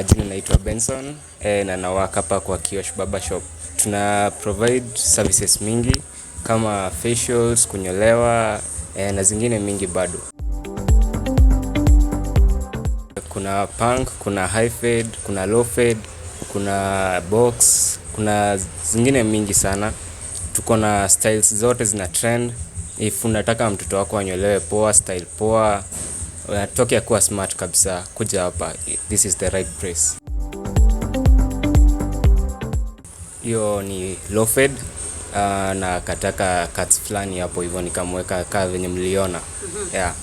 majina naitwa Benson e, na nawaka hapa kwa Kiosh Barber Shop. Tuna provide services mingi kama facials, kunyolewa e, na zingine mingi bado. Kuna punk, kuna high fade, kuna low fade, kuna box, kuna zingine mingi sana. Tuko na styles zote zina trend. If unataka mtoto wako anyolewe poa, style poa Unatokea uh, kuwa smart kabisa, kuja hapa, this is the right place. Hiyo ni low fed uh, na kataka cuts fulani hapo hivyo nikamweka kaa venye mliona. Mhm. yeah.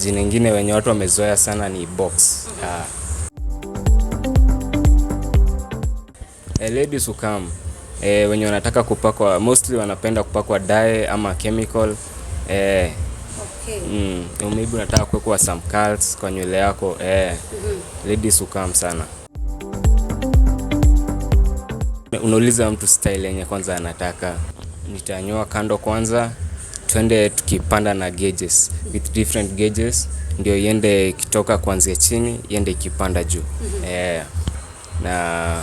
Jina ingine wenye watu wamezoea sana ni box. Mhm. yeah. A ladies who come eh, wenye wanataka kupakwa mostly wanapenda kupakwa dye ama chemical eh, Okay. Mm, maybe unataka kuwekwa some curls kwa nywele yako eh. Mm -hmm. Ladies ukam sana. Unauliza mtu style yenye kwanza anataka. Nitanyoa kando kwanza, twende tukipanda na gauges with different gauges, ndio iende ikitoka kuanzia chini iende ikipanda juu. Mm -hmm. Eh, na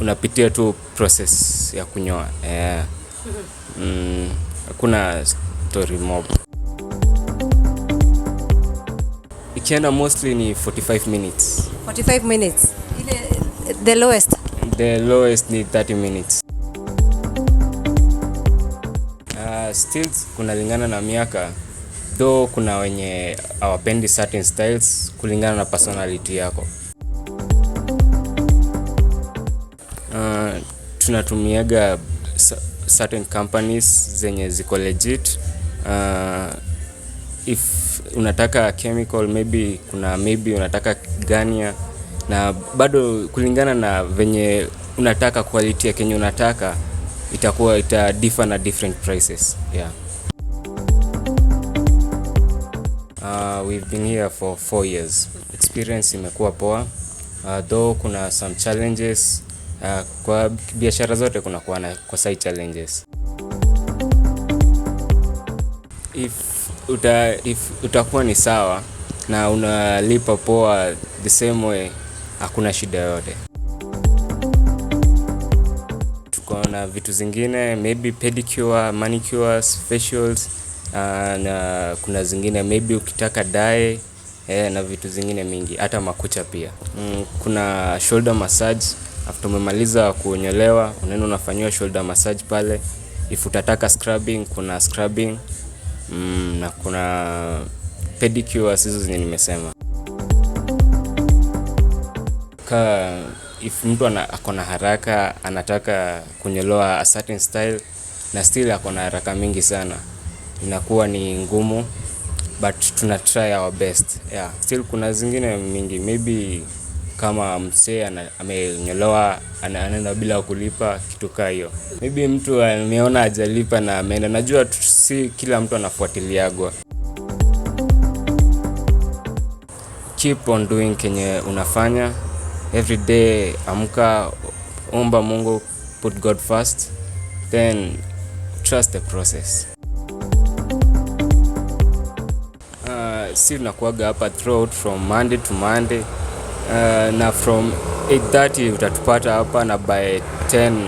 unapitia tu process ya kunyoa eh. Mm-hmm. Mm, hakuna story mob. China mostly ni 45 minutes. 45 minutes. Ile the lowest. The lowest ni 30 minutes. Uh, ah, styles kunalingana na miaka though kuna wenye hawapendi certain styles kulingana na personality yako. Uh, tunatumiaga certain companies zenye ziko legit. Uh, if unataka chemical maybe kuna maybe unataka gania, na bado kulingana na venye unataka quality ya kenye unataka itakuwa ita differ na different prices yeah. Uh, we've been here for four years. Experience imekuwa poa uh, though kuna some challenges uh, kwa biashara zote kuna kuwa na kwa side challenges if uta, if, utakuwa ni sawa na unalipa poa the same way, hakuna shida yoyote. Tuko na vitu zingine maybe pedicure, manicures, facials ah, na kuna zingine maybe ukitaka dye eh, na vitu zingine mingi hata makucha pia. Mm, kuna shoulder massage after umemaliza kunyolewa unaenda unafanyiwa shoulder massage pale. If utataka scrubbing, kuna scrubbing mm, na kuna pedicures hizo zenye nimesema ka if mtu ako na haraka anataka kunyolewa a certain style na still ako na haraka mingi sana, inakuwa ni ngumu, but tuna try our best yeah. Still kuna zingine mingi maybe kama msee amenyolewa anaenda bila kulipa kitu kaa hiyo. Maybe mtu ameona ajalipa na ameenda. Najua si kila mtu anafuatiliagwa. Keep on doing kenye unafanya every day. Amka, omba Mungu, put God first, then trust the process. Uh, si unakuaga hapa throughout from Monday to Monday uh, na from 8:30 utatupata hapa na by 10 uh,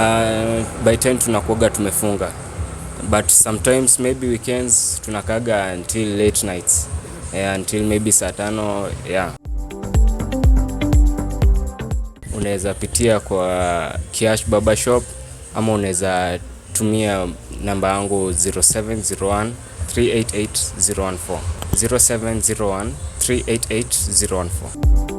eh, by 10 tunakuoga tumefunga, but sometimes maybe weekends tunakaga until late nights yeah, until maybe saa tano yeah. Unaweza pitia kwa Kiash Barber Shop ama unaweza tumia namba yangu 0701 388 014 0701 three eight eight zero one four